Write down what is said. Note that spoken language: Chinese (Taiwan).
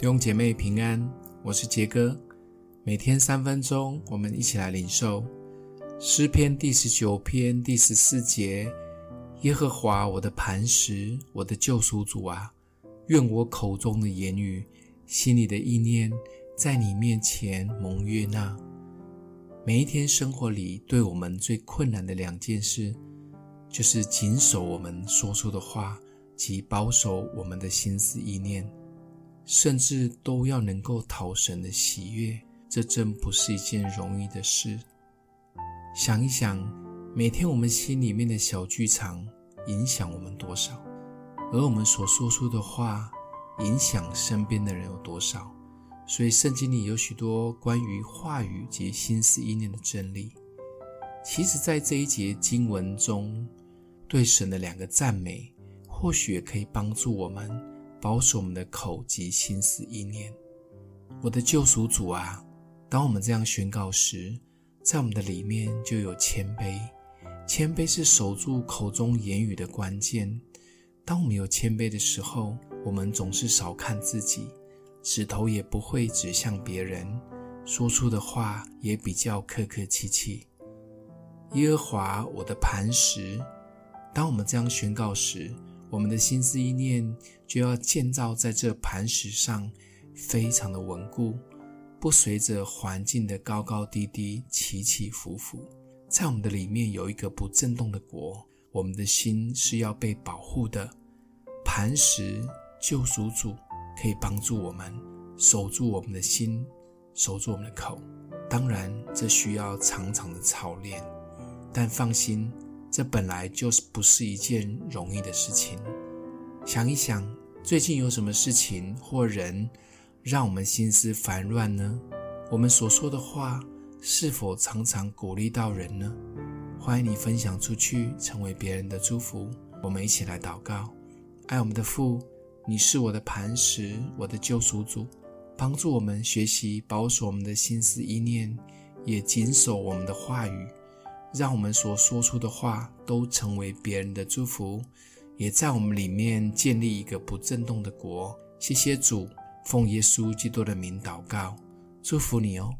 弟兄姐妹平安，我是杰哥。每天三分鐘，我們一起來領受詩篇第十九篇第十四節：“耶和華我的磐石，我的救贖主啊，願我口中的言語、心裡的意念，在你面前蒙悅納。”每一天生活裡，對我們最困難的兩件事，就是謹守我們說出的話，及保守我們的心思意念。甚至都要能夠討神的喜悅，這真不是一件容易的事。想一想，每天我們心裡面的小劇場影響我們多少，而我們所說出的話影響身邊的人有多少。所以，聖經裡有許多關於話語及心思意念的真理。其實，在這一節經文中，對神的兩個讚美，或許也可以幫助我們。保守我們的口及心思意念，我的救贖主啊！當我們這樣宣告時，在我們的裡面就有謙卑。謙卑是守住口中言語的關鍵。當我們有謙卑的時候，我們總是少看自己，指頭也不會指向別人，說出的話也比較客客氣氣。耶和華我的磐石，當我們這樣宣告時，我們的心思意念就要建造在這磐石上，非常的穩固，不隨着環境的高高低低、起起伏伏。在我們的裡面有一個不震動的國，我們的心是要被保護的。磐石救贖主可以幫助我們守住我們的心，守住我們的口。當然，這需要常常的操練，但放心。這本來就是不是一件容易的事情。想一想，最近有什麼事情或人讓我們心思煩亂呢？我們所說的話是否常常鼓勵到人呢？歡迎你分享出去，成為別人的祝福。我們一起來禱告：愛我們的父，你是我的磐石，我的救贖主，幫助我們學習保守我們的心思意念，也謹守我們的話語。讓我們所說出的話都成為別人的祝福，也在我們裡面建立一個不震動的國。謝謝主，奉耶穌基督的名禱告，祝福你哦。